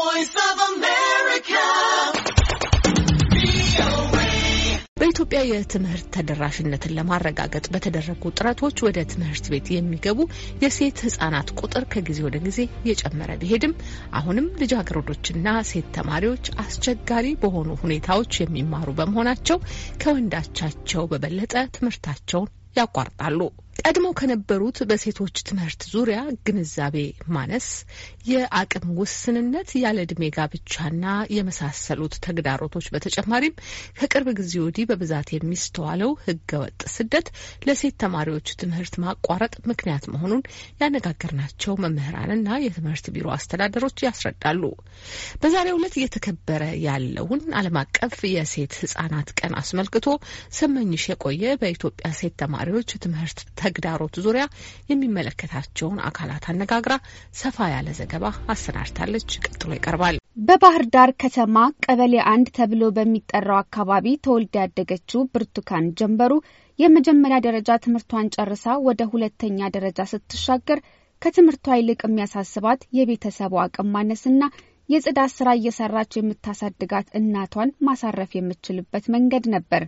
voice በኢትዮጵያ የትምህርት ተደራሽነትን ለማረጋገጥ በተደረጉ ጥረቶች ወደ ትምህርት ቤት የሚገቡ የሴት ህጻናት ቁጥር ከጊዜ ወደ ጊዜ እየጨመረ ቢሄድም አሁንም ልጃገረዶችና ሴት ተማሪዎች አስቸጋሪ በሆኑ ሁኔታዎች የሚማሩ በመሆናቸው ከወንዳቻቸው በበለጠ ትምህርታቸውን ያቋርጣሉ። ቀድሞ ከነበሩት በሴቶች ትምህርት ዙሪያ ግንዛቤ ማነስ፣ የአቅም ውስንነት፣ ያለ ዕድሜ ጋብቻና የመሳሰሉት ተግዳሮቶች በተጨማሪም ከቅርብ ጊዜ ወዲህ በብዛት የሚስተዋለው ህገወጥ ስደት ለሴት ተማሪዎች ትምህርት ማቋረጥ ምክንያት መሆኑን ያነጋገርናቸው መምህራንና የትምህርት ቢሮ አስተዳደሮች ያስረዳሉ። በዛሬው ዕለት እየተከበረ ያለውን ዓለም አቀፍ የሴት ህጻናት ቀን አስመልክቶ ስመኝሽ የቆየ በኢትዮጵያ ሴት ተማሪዎች ትምህርት ተግዳሮት ዙሪያ የሚመለከታቸውን አካላት አነጋግራ ሰፋ ያለ ዘገባ አሰናድታለች። ቀጥሎ ይቀርባል። በባህር ዳር ከተማ ቀበሌ አንድ ተብሎ በሚጠራው አካባቢ ተወልድ ያደገችው ብርቱካን ጀንበሩ የመጀመሪያ ደረጃ ትምህርቷን ጨርሳ ወደ ሁለተኛ ደረጃ ስትሻገር ከትምህርቷ ይልቅ የሚያሳስባት የቤተሰቡ አቅም ማነስና የጽዳት ስራ እየሰራች የምታሳድጋት እናቷን ማሳረፍ የምትችልበት መንገድ ነበር።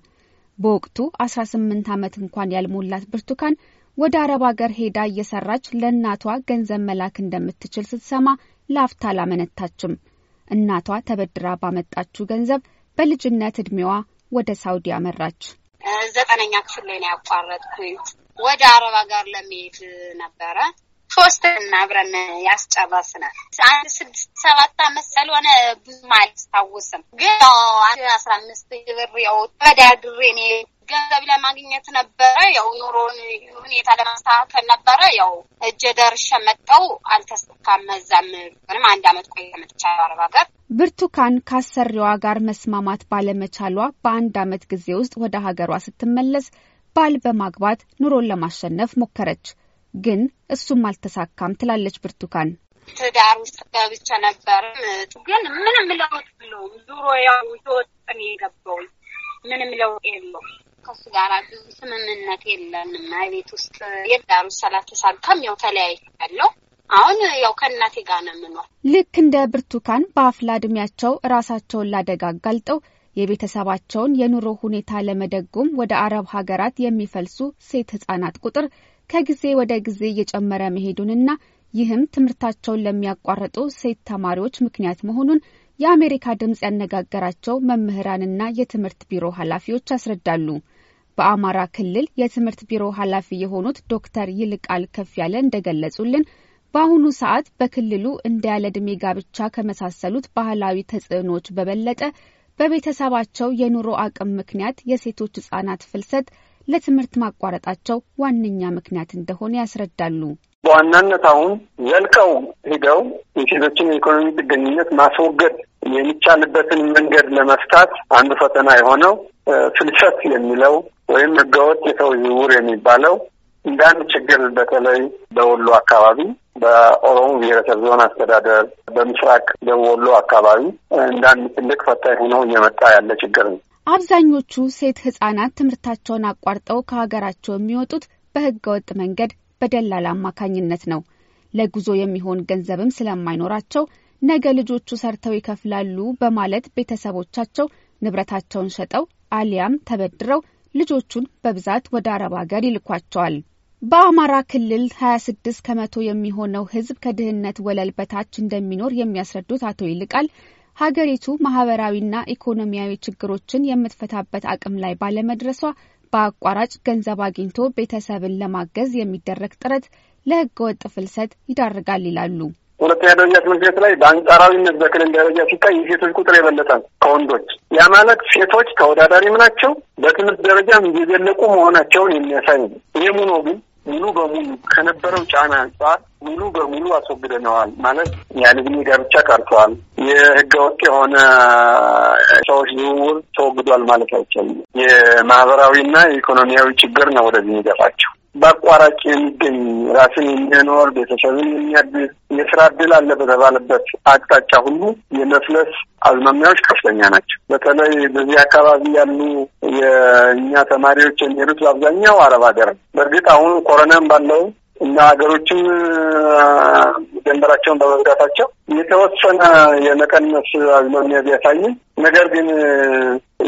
በወቅቱ 18 ዓመት እንኳን ያልሞላት ብርቱካን ወደ አረብ ሀገር ሄዳ እየሰራች ለእናቷ ገንዘብ መላክ እንደምትችል ስትሰማ ለአፍታ አላመነታችም። እናቷ ተበድራ ባመጣችው ገንዘብ በልጅነት እድሜዋ ወደ ሳውዲ አመራች። ዘጠነኛ ክፍል ላይ ነው ያቋረጥኩኝ። ወደ አረብ ሀገር ለመሄድ ነበረ። ሶስት እና አብረን ያስጨረስናል። አንድ ስድስት ሰባት አመት ስለሆነ ብዙም አላስታውስም፣ ግን አስራ አምስት ብር ያው ተዳድሬ እኔ ገንዘብ ለማግኘት ነበረ። ያው ኑሮን ሁኔታ ለማስተካከል ነበረ። ያው እጀ ደርሸ መጠው አልተሳካም። መዛም ምንም አንድ አመት ቆይ መጥቻለሁ አረብ ሀገር። ብርቱካን ካሰሪዋ ጋር መስማማት ባለመቻሏ በአንድ አመት ጊዜ ውስጥ ወደ ሀገሯ ስትመለስ ባል በማግባት ኑሮን ለማሸነፍ ሞከረች፣ ግን እሱም አልተሳካም ትላለች ብርቱካን። ትዳር ውስጥ ገብቼ ነበርም ግን ምንም ለውጥ የለውም። ዙሮ ያው ህይወት የገባው ምንም ለውጥ የለውም። ከሱ ጋር ብዙ ስምምነት የለንም። ቤት ውስጥ የዳሩ ሰላት ያው ተለያይቻለሁ። አሁን ያው ከእናቴ ጋር ነው የምኖር። ልክ እንደ ብርቱካን በአፍላ እድሜያቸው ራሳቸውን ላደጋ አጋልጠው የቤተሰባቸውን የኑሮ ሁኔታ ለመደጎም ወደ አረብ ሀገራት የሚፈልሱ ሴት ህጻናት ቁጥር ከጊዜ ወደ ጊዜ እየጨመረ መሄዱንና ይህም ትምህርታቸውን ለሚያቋርጡ ሴት ተማሪዎች ምክንያት መሆኑን የአሜሪካ ድምፅ ያነጋገራቸው መምህራንና የትምህርት ቢሮ ኃላፊዎች ያስረዳሉ። በአማራ ክልል የትምህርት ቢሮ ኃላፊ የሆኑት ዶክተር ይልቃል ከፍ ያለ እንደገለጹልን በአሁኑ ሰዓት በክልሉ እንደ ያለ ዕድሜ ጋብቻ ከመሳሰሉት ባህላዊ ተጽዕኖዎች በበለጠ በቤተሰባቸው የኑሮ አቅም ምክንያት የሴቶች ህጻናት ፍልሰት ለትምህርት ማቋረጣቸው ዋነኛ ምክንያት እንደሆነ ያስረዳሉ። በዋናነት አሁን ዘልቀው ሂደው የሴቶችን የኢኮኖሚ ጥገኝነት ማስወገድ የሚቻልበትን መንገድ ለመፍታት አንዱ ፈተና የሆነው ፍልሰት የሚለው ወይም ህገወጥ የሰው ዝውውር የሚባለው እንደ አንድ ችግር በተለይ በወሎ አካባቢ በኦሮሞ ብሔረሰብ ዞን አስተዳደር በምስራቅ ወሎ አካባቢ እንደ አንድ ትልቅ ፈታኝ ሆኖ እየመጣ ያለ ችግር ነው። አብዛኞቹ ሴት ህጻናት ትምህርታቸውን አቋርጠው ከሀገራቸው የሚወጡት በህገወጥ መንገድ በደላላ አማካኝነት ነው። ለጉዞ የሚሆን ገንዘብም ስለማይኖራቸው ነገ ልጆቹ ሰርተው ይከፍላሉ በማለት ቤተሰቦቻቸው ንብረታቸውን ሸጠው አሊያም ተበድረው ልጆቹን በብዛት ወደ አረብ ሀገር ይልኳቸዋል። በአማራ ክልል 26 ከመቶ የሚሆነው ሕዝብ ከድህነት ወለል በታች እንደሚኖር የሚያስረዱት አቶ ይልቃል ሀገሪቱ ማህበራዊና ኢኮኖሚያዊ ችግሮችን የምትፈታበት አቅም ላይ ባለመድረሷ በአቋራጭ ገንዘብ አግኝቶ ቤተሰብን ለማገዝ የሚደረግ ጥረት ለህገወጥ ፍልሰት ይዳርጋል ይላሉ። ሁለተኛ ደረጃ ትምህርት ቤት ላይ በአንጻራዊነት በክልል ደረጃ ሲታይ የሴቶች ቁጥር የበለጠን ከወንዶች። ያ ማለት ሴቶች ተወዳዳሪም ናቸው፣ በትምህርት ደረጃም እየዘለቁ መሆናቸውን የሚያሳይ ነው። ይህም ሆኖ ግን ሙሉ በሙሉ ከነበረው ጫና አንጻር ሙሉ በሙሉ አስወግደነዋል ማለት ያለ ዕድሜ ጋብቻ ቀርቷል። የህገወጥ የሆነ ሰዎች ዝውውር ተወግዷል ማለት አይቻልም። የማህበራዊና የኢኮኖሚያዊ ችግር ነው ወደዚህ የሚገፋቸው። በአቋራጭ የሚገኝ ራስን የሚያኖር ቤተሰብን የሚያድስ የስራ እድል አለ በተባለበት አቅጣጫ ሁሉ የመፍለስ አዝማሚያዎች ከፍተኛ ናቸው። በተለይ በዚህ አካባቢ ያሉ የእኛ ተማሪዎች የሚሄዱት በአብዛኛው አረብ ሀገር ነው። በእርግጥ አሁን ኮሮናም ባለው እና ሀገሮችም ድንበራቸውን በመዝጋታቸው የተወሰነ የመቀነስ አዝማሚያ ቢያሳይም ነገር ግን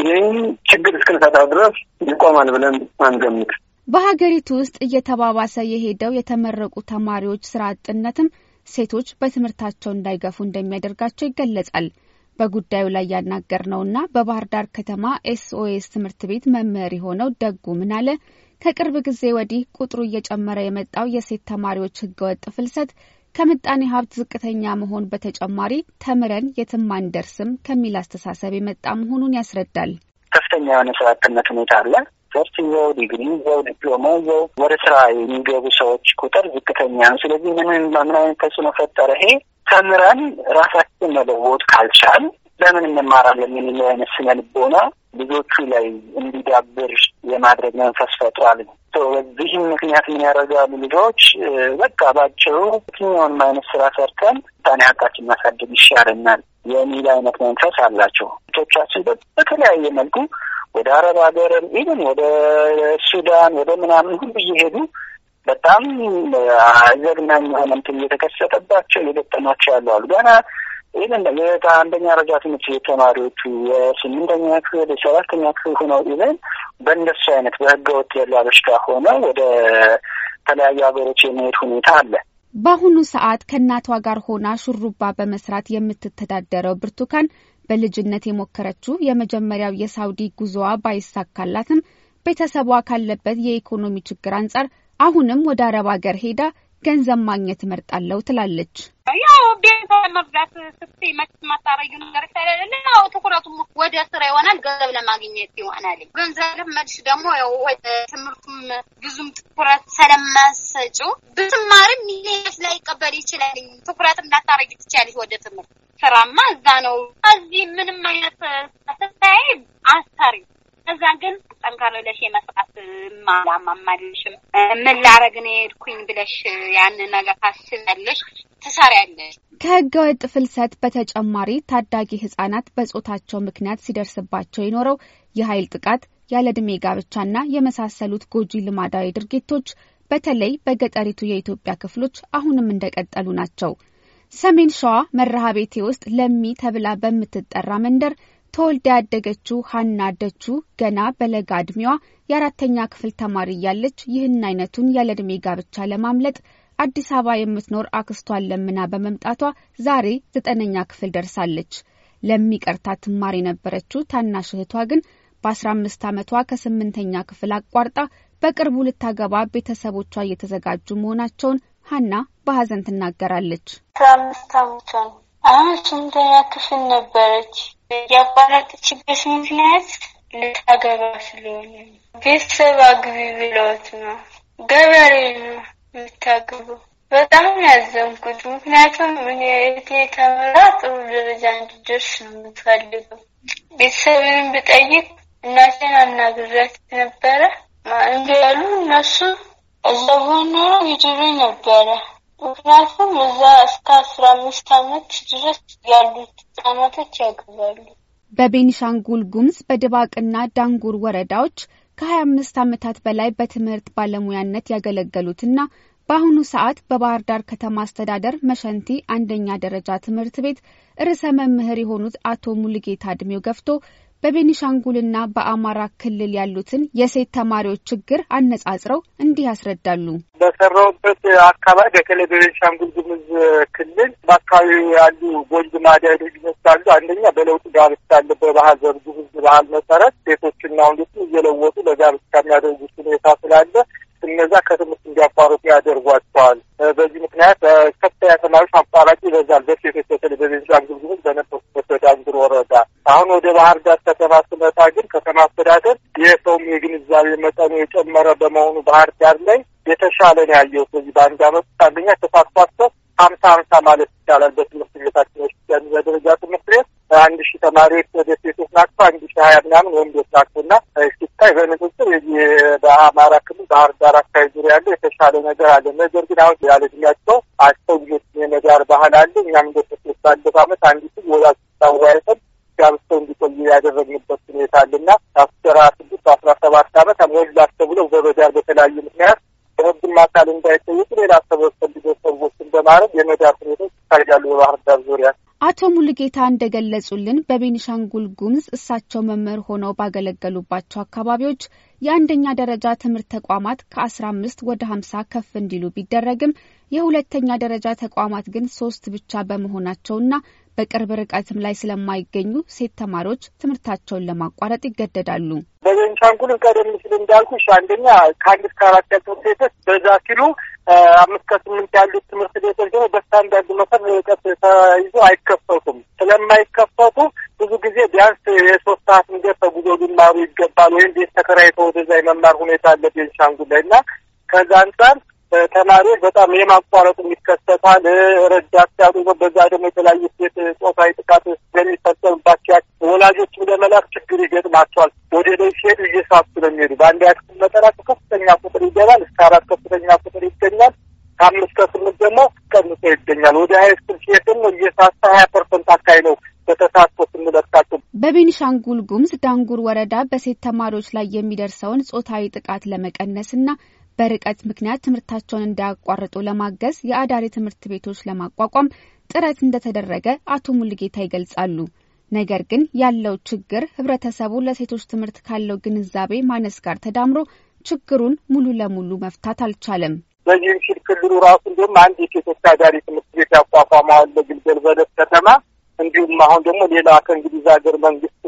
ይህም ችግር እስክንፈታ ድረስ ይቆማል ብለን አንገምት። በሀገሪቱ ውስጥ እየተባባሰ የሄደው የተመረቁ ተማሪዎች ስራ አጥነትም ሴቶች በትምህርታቸው እንዳይገፉ እንደሚያደርጋቸው ይገለጻል። በጉዳዩ ላይ ያናገርነውና በባህር ዳር ከተማ ኤስኦኤስ ትምህርት ቤት መምህር የሆነው ደጉ ምናለ ከቅርብ ጊዜ ወዲህ ቁጥሩ እየጨመረ የመጣው የሴት ተማሪዎች ህገወጥ ፍልሰት ከምጣኔ ሀብት ዝቅተኛ መሆን በተጨማሪ ተምረን የትም አንደርስም ከሚል አስተሳሰብ የመጣ መሆኑን ያስረዳል። ከፍተኛ የሆነ ስራ አጥነት ሁኔታ አለ። ዩኒቨርሲቲ ይዘው ዲግሪ ይዘው ዲፕሎማ ይዘው ወደ ስራ የሚገቡ ሰዎች ቁጥር ዝቅተኛ ነው። ስለዚህ ምንም ምን አይነት ተጽዕኖ ፈጠረ? ይሄ ተምረን ራሳችን መለወጥ ካልቻል ለምን እንማራለን የሚለው አይነት ስነ ልቦና ልጆቹ ላይ እንዲዳብር የማድረግ መንፈስ ፈጥሯል። በዚህም ምክንያት ምን ያደርጋሉ ልጆች በቃ ባቸው የትኛውንም አይነት ስራ ሰርተን ታኔ ሀቃችን ማሳደግ ይሻለናል የሚል አይነት መንፈስ አላቸው። ቶቻችን በተለያየ መልኩ ወደ አረብ ሀገርም ኢቨን ወደ ሱዳን ወደ ምናምን ሁሉ እየሄዱ በጣም አዘግናኝ የሆነ እንትን እየተከሰተባቸው እየገጠማቸው ያሉ አሉ። ገና ኢቨን የአንደኛ ደረጃ ትምህርት ቤት ተማሪዎቹ የስምንተኛ ክፍል የሰባተኛ ክፍል ሆነው ኢቨን በእንደሱ አይነት በህገወጥ ያለ በሽታ ሆነው ወደ ተለያዩ ሀገሮች የመሄድ ሁኔታ አለ። በአሁኑ ሰዓት ከእናቷ ጋር ሆና ሹሩባ በመስራት የምትተዳደረው ብርቱካን በልጅነት የሞከረችው የመጀመሪያው የሳውዲ ጉዞዋ ባይሳካላትም ቤተሰቧ ካለበት የኢኮኖሚ ችግር አንጻር አሁንም ወደ አረብ ሀገር ሄዳ ገንዘብ ማግኘት እመርጣለሁ ትላለች። ያው ቤተሰብ መብላት ስትይ መች ማታረዩ ነገር ስለሌለ ያው ትኩረቱ ወደ ስራ ይሆናል፣ ገንዘብ ለማግኘት ይሆናል። ገንዘብ መልሽ ደግሞ ያው ወደ ትምህርቱም ብዙም ትኩረት ስለማሰጩ ብትማርም ይሄ ላይቀበል ይችላል። ትኩረትም ላታረጊ ትችያለሽ ወደ ትምህርት ስራማ እዛ ነው። እዚህ ምንም አይነት ስታይ አሰሪ እዛ ግን ጠንካራ ብለሽ የመስራት ማላማማልሽም ምን ላረግ ነው የሄድኩኝ ብለሽ ያን ነገር ታስቢያለሽ፣ ትሰሪያለሽ። ከህገ ወጥ ፍልሰት በተጨማሪ ታዳጊ ህጻናት በጾታቸው ምክንያት ሲደርስባቸው የኖረው የኃይል ጥቃት፣ ያለዕድሜ ጋብቻና የመሳሰሉት ጎጂ ልማዳዊ ድርጊቶች በተለይ በገጠሪቱ የኢትዮጵያ ክፍሎች አሁንም እንደቀጠሉ ናቸው። ሰሜን ሸዋ መርሃ ቤቴ ውስጥ ለሚ ተብላ በምትጠራ መንደር ተወልዳ ያደገችው ሀና ደቹ ገና በለጋ እድሜዋ የአራተኛ ክፍል ተማሪ እያለች ይህን አይነቱን ያለእድሜ ጋብቻ ለማምለጥ አዲስ አበባ የምትኖር አክስቷን ለምና በመምጣቷ ዛሬ ዘጠነኛ ክፍል ደርሳለች። ለሚቀርታ ትማር የነበረችው ታናሽ እህቷ ግን በአስራ አምስት ዓመቷ ከስምንተኛ ክፍል አቋርጣ በቅርቡ ልታገባ ቤተሰቦቿ እየተዘጋጁ መሆናቸውን ሀና በሀዘን ትናገራለች። አስራ አምስት አመቷ ነው። አሁን ስምንተኛ ክፍል ነበረች። ያቋረጠችበት ምክንያት ልታገባ ስለሆነ ቤተሰብ አግቢ ብለውት ነው። ገበሬ ነው የምታገባው። በጣም ያዘንኩት ምክንያቱም እህቴ ተምራ ጥሩ ደረጃ እንድደርስ ነው የምትፈልገው። ቤተሰብንም ብጠይቅ እናቴን አናግራት ነበረ እንዲያሉ እነሱ እዛ ሆኖ ይድሩ ነበረ ምክንያቱም እዛ እስከ አስራ አምስት አመት ድረስ ያሉት ህጻናቶች ያገባሉ። በቤኒሻንጉል ጉምዝ በድባቅና ዳንጉር ወረዳዎች ከ አምስት ዓመታት በላይ በትምህርት ባለሙያነት ያገለገሉትና በአሁኑ ሰዓት በባህር ዳር ከተማ አስተዳደር መሸንቲ አንደኛ ደረጃ ትምህርት ቤት ርዕሰ መምህር የሆኑት አቶ ሙልጌታ እድሜው ገፍቶ በቤኒሻንጉልና በአማራ ክልል ያሉትን የሴት ተማሪዎች ችግር አነጻጽረው እንዲህ ያስረዳሉ። በሰራውበት አካባቢ በተለይ በቤኒሻንጉል ጉሙዝ ክልል በአካባቢ ያሉ ጎልድ ማዳ ይመስላሉ። አንደኛ በለውጥ ጋብቻ አለ። በባህል ጉሙዝ ባህል መሰረት ሴቶችና ወንዶች እየለወጡ ለጋብቻ የሚያደርጉት ሁኔታ ስላለ እነዛ ከትምህርት እንዲያቋርጡ ያደርጓቸዋል። በዚህ ምክንያት ከፍተኛ ተማሪዎች አቋራጭ ይበዛል። በሴቶች በተለይ በቤኒሻንጉል ጉሙዝ በነበሩ ዳንግር ወረዳ። አሁን ወደ ባህር ዳር ከተማ ስመጣ ግን ከተማ አስተዳደር የሰውም የግንዛቤ መጠኑ የጨመረ በመሆኑ ባህር ዳር ላይ የተሻለ ነው ያየው። ስለዚህ በአንድ አመት አንደኛ ተሳትፏቸው ሀምሳ ሀምሳ ማለት ይቻላል። በትምህርት ቤታችን ውስጥ ያለ ደረጃ ትምህርት ቤት አንድ ሺህ ተማሪዎች ወደ ሴቶች ናቸው አንድ ሺህ ሀያ ምናምን ወንዶች ናቸው እና ሲታይ በንጽጽር በአማራ ክልል ባህር ዳር አካባቢ ዙሪያ ያለው የተሻለ ነገር አለ። ነገር ግን አሁን ያለ እድሜያቸው አስተውሎት የመዳር ባህል አለ። እኛም እንደ ባለፈ አመት አንዲቱ ወላጅ አወያይተን ጋብተው እንዲቆዩ ያደረግንበት ሁኔታ አለና አስራ ስድስት አስራ ሰባት ዓመት ሞላት ተብለው በበዳር በተለያዩ ምክንያት በህግም አካል እንዳይጠየቁ ሌላ ሰቦች ፈልጎ ሰዎችን በማድረግ የመዳር ሁኔታዎች ይታያሉ በባህር ዳር ዙሪያ። አቶ ሙሉጌታ እንደገለጹልን በቤኒሻንጉል ጉምዝ እሳቸው መምህር ሆነው ባገለገሉባቸው አካባቢዎች የአንደኛ ደረጃ ትምህርት ተቋማት ከአስራ አምስት ወደ ሀምሳ ከፍ እንዲሉ ቢደረግም የሁለተኛ ደረጃ ተቋማት ግን ሶስት ብቻ በመሆናቸውና በቅርብ ርቀትም ላይ ስለማይገኙ ሴት ተማሪዎች ትምህርታቸውን ለማቋረጥ ይገደዳሉ። በቤንሻንጉልም ቀደም ሲል እንዳልኩሽ አንደኛ ከአንድ እስከ አራት ያሉ ትምህርት ቤቶች በዛ ሲሉ አምስት ከስምንት ያሉት ትምህርት ቤቶች ደግሞ በስታንዳርድ መሰረት ርቀት ተይዞ አይከፈቱም። ስለማይከፈቱ ብዙ ጊዜ ቢያንስ የሶስት ሰዓት እንገር ተጉዞ ሊማሩ ይገባል ወይም ቤት ተከራይተው ወደዛ የመማር ሁኔታ አለ ቤንሻንጉል ላይ እና ከዛ አንጻር ተማሪዎች በጣም የማቋረጡ የሚከሰታል። ረዳት ሲያጡ በዛ ደግሞ የተለያዩ ሴት ጾታዊ ጥቃት ስለሚፈጸምባቸው ወላጆችም ለመላክ ችግር ይገጥማቸዋል። ወደ ላይ ሲሄዱ እየሳቱ ስለሚሄዱ በአንድ ያክል መጠራት ከፍተኛ ቁጥር ይገባል። እስከ አራት ከፍተኛ ቁጥር ይገኛል። ከአምስት ከስምንት ደግሞ ቀንሶ ይገኛል። ወደ ሀይ ስኩል ሲሄድ ደግሞ እየሳሳ ሀያ ፐርሰንት አካባቢ ነው በተሳትፎ ስንለካቸው በቤኒሻንጉል ጉምዝ ዳንጉር ወረዳ በሴት ተማሪዎች ላይ የሚደርሰውን ጾታዊ ጥቃት ለመቀነስ ለመቀነስና በርቀት ምክንያት ትምህርታቸውን እንዳያቋርጡ ለማገዝ የአዳሪ ትምህርት ቤቶች ለማቋቋም ጥረት እንደተደረገ አቶ ሙሉጌታ ይገልጻሉ። ነገር ግን ያለው ችግር ህብረተሰቡ ለሴቶች ትምህርት ካለው ግንዛቤ ማነስ ጋር ተዳምሮ ችግሩን ሙሉ ለሙሉ መፍታት አልቻለም። በዚህም ሲል ክልሉ ራሱ እንዲሁም አንድ የሴቶች አዳሪ ትምህርት ቤት ያቋቋመዋል ለግልገል በለስ ከተማ። እንዲሁም አሁን ደግሞ ሌላ ከእንግሊዝ ሀገር መንግስት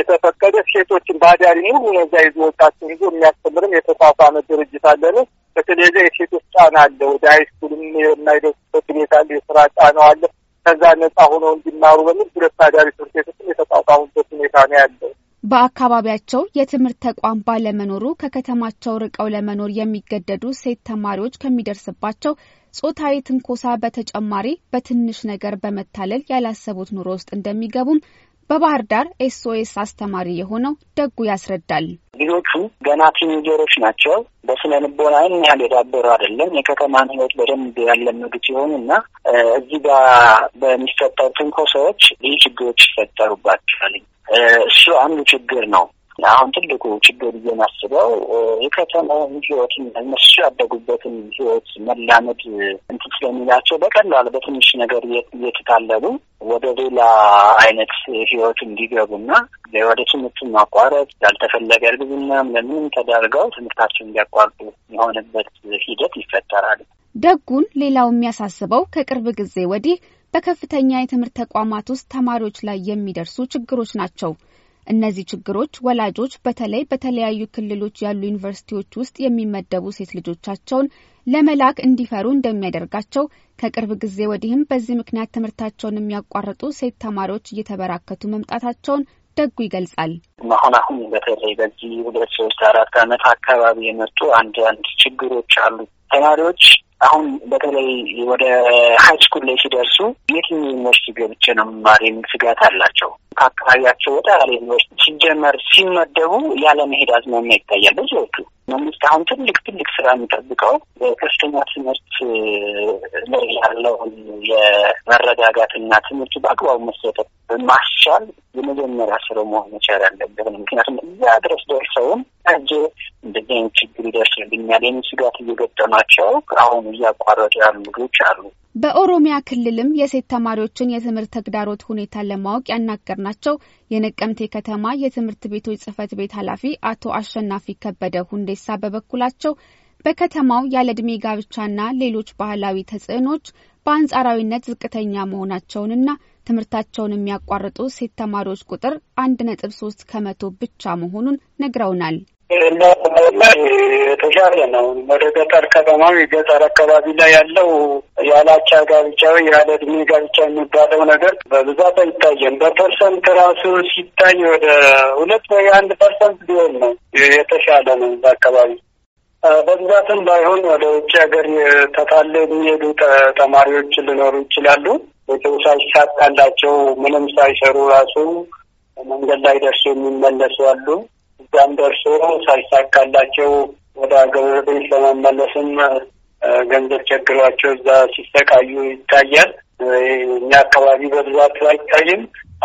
የተፈቀደ ሴቶችን በአዳሪ ሙሉ ነዛ ይዞ ወጣቸው ይዞ የሚያስተምርም የተቋቋመ ድርጅት አለን። በተለይ የሴቶች ጫና አለ። ወደ ሃይስኩልም የማይደርሱበት ሁኔታ አለ። የስራ ጫናው አለ። ከዛ ነጻ ሆኖ እንዲማሩ በሚል ሁለት አዳሪ ትምህርት ቤቶችም የተቋቋሙበት ሁኔታ ነው ያለው። በአካባቢያቸው የትምህርት ተቋም ባለመኖሩ ከከተማቸው ርቀው ለመኖር የሚገደዱ ሴት ተማሪዎች ከሚደርስባቸው ጾታዊ ትንኮሳ በተጨማሪ በትንሽ ነገር በመታለል ያላሰቡት ኑሮ ውስጥ እንደሚገቡም በባህር ዳር ኤስኦኤስ አስተማሪ የሆነው ደጉ ያስረዳል። ልጆቹ ገና ቲኒጀሮች ናቸው። በስነ ልቦና ያን ያህል የዳበሩ አይደለም። የከተማን ህይወት በደንብ ያለመዱት ሲሆኑ እና እዚህ ጋር በሚፈጠሩ ትንኮሳዎች ይህ ችግሮች ይፈጠሩባቸዋል። እሱ አንዱ ችግር ነው። አሁን ትልቁ ችግር ብዬ የከተማ የከተማውን ህይወትን እነሱ ያደጉበትን ህይወት መላመድ እንትን ስለሚላቸው በቀላል በትንሽ ነገር እየተታለሉ ወደ ሌላ አይነት ህይወት እንዲገቡና ወደ ትምህርቱን ማቋረጥ ያልተፈለገ እርግዝና ለምንም ተዳርገው ትምህርታቸው እንዲያቋርጡ የሆነበት ሂደት ይፈጠራል። ደጉን ሌላው የሚያሳስበው ከቅርብ ጊዜ ወዲህ በከፍተኛ የትምህርት ተቋማት ውስጥ ተማሪዎች ላይ የሚደርሱ ችግሮች ናቸው። እነዚህ ችግሮች ወላጆች በተለይ በተለያዩ ክልሎች ያሉ ዩኒቨርሲቲዎች ውስጥ የሚመደቡ ሴት ልጆቻቸውን ለመላክ እንዲፈሩ እንደሚያደርጋቸው ከቅርብ ጊዜ ወዲህም በዚህ ምክንያት ትምህርታቸውን የሚያቋርጡ ሴት ተማሪዎች እየተበራከቱ መምጣታቸውን ደጉ ይገልጻል። አሁን አሁን በተለይ በዚህ ሁለት ሶስት አራት ዓመት አካባቢ የመጡ አንድ አንድ ችግሮች አሉ። ተማሪዎች አሁን በተለይ ወደ ሀይ ስኩል ላይ ሲደርሱ የትኛው ዩኒቨርሲቲ ገብቼ ነው መማር የሚል ስጋት አላቸው። ከአካባቢያቸው ወጣ ያለ ዩኒቨርሲቲ ሲጀመር ሲመደቡ ያለመሄድ አዝማሚያ ይታያል ብዙዎቹ። መንግስት አሁን ትልቅ ትልቅ ስራ የሚጠብቀው ከፍተኛ ትምህርት ላይ ያለውን የመረጋጋትና ትምህርቱ በአግባቡ መሰጠት ማስቻል የመጀመሪያ ስራው መሆን መቻል ያለበት ነው። ምክንያቱም እዛ ድረስ ደርሰውም እጅ እንደዚህ አይነት ችግር ይደርስብኛል የሚል ስጋት እየገጠማቸው አሁን እያቋረጡ ያሉ ልጆች አሉ። በኦሮሚያ ክልልም የሴት ተማሪዎችን የትምህርት ተግዳሮት ሁኔታ ለማወቅ ያናገርናቸው የነቀምቴ ከተማ የትምህርት ቤቶች ጽህፈት ቤት ኃላፊ አቶ አሸናፊ ከበደ ሁንዴሳ በበኩላቸው በከተማው ያለ እድሜ ጋብቻና ሌሎች ባህላዊ ተጽዕኖች በአንጻራዊነት ዝቅተኛ መሆናቸውንና ትምህርታቸውን የሚያቋርጡ ሴት ተማሪዎች ቁጥር አንድ ነጥብ ሶስት ከመቶ ብቻ መሆኑን ነግረውናል። ላይ የተሻለ ነው። ወደ ገጠር ከተማው የገጠር አካባቢ ላይ ያለው ያላቻ ጋብቻ ወይ ያለ እድሜ ጋብቻ የሚባለው ነገር በብዛት አይታየም። በፐርሰንት ራሱ ሲታይ ወደ ሁለት ወይ አንድ ፐርሰንት ቢሆን ነው የተሻለ ነው በአካባቢ በብዛትም ባይሆን ወደ ውጭ ሀገር ተታለ የሚሄዱ ተማሪዎች ሊኖሩ ይችላሉ። ቤተው ሳይሳካላቸው ምንም ሳይሰሩ ራሱ መንገድ ላይ ደርሶ የሚመለሱ አሉ። እዛም ደርሶ ሳይሳካላቸው ወደ ሀገር ቤት ለመመለስም ገንዘብ ቸግሯቸው እዛ ሲሰቃዩ ይታያል። እኛ አካባቢ በብዛት አይታይም፣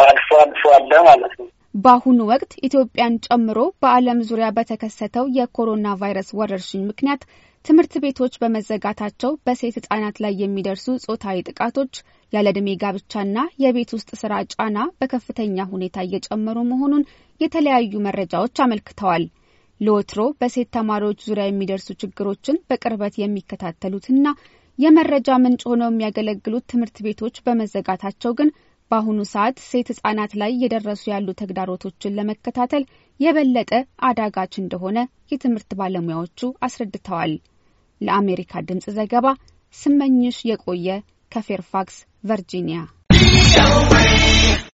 አልፎ አልፎ አለ ማለት ነው። በአሁኑ ወቅት ኢትዮጵያን ጨምሮ በዓለም ዙሪያ በተከሰተው የኮሮና ቫይረስ ወረርሽኝ ምክንያት ትምህርት ቤቶች በመዘጋታቸው በሴት ህጻናት ላይ የሚደርሱ ጾታዊ ጥቃቶች ያለዕድሜ ጋብቻና የቤት ውስጥ ስራ ጫና በከፍተኛ ሁኔታ እየጨመሩ መሆኑን የተለያዩ መረጃዎች አመልክተዋል። ለወትሮ በሴት ተማሪዎች ዙሪያ የሚደርሱ ችግሮችን በቅርበት የሚከታተሉትና የመረጃ ምንጭ ሆነው የሚያገለግሉት ትምህርት ቤቶች በመዘጋታቸው ግን በአሁኑ ሰዓት ሴት ህጻናት ላይ እየደረሱ ያሉ ተግዳሮቶችን ለመከታተል የበለጠ አዳጋች እንደሆነ የትምህርት ባለሙያዎቹ አስረድተዋል። ለአሜሪካ ድምፅ ዘገባ ስመኝሽ የቆየ ከፌርፋክስ ቨርጂኒያ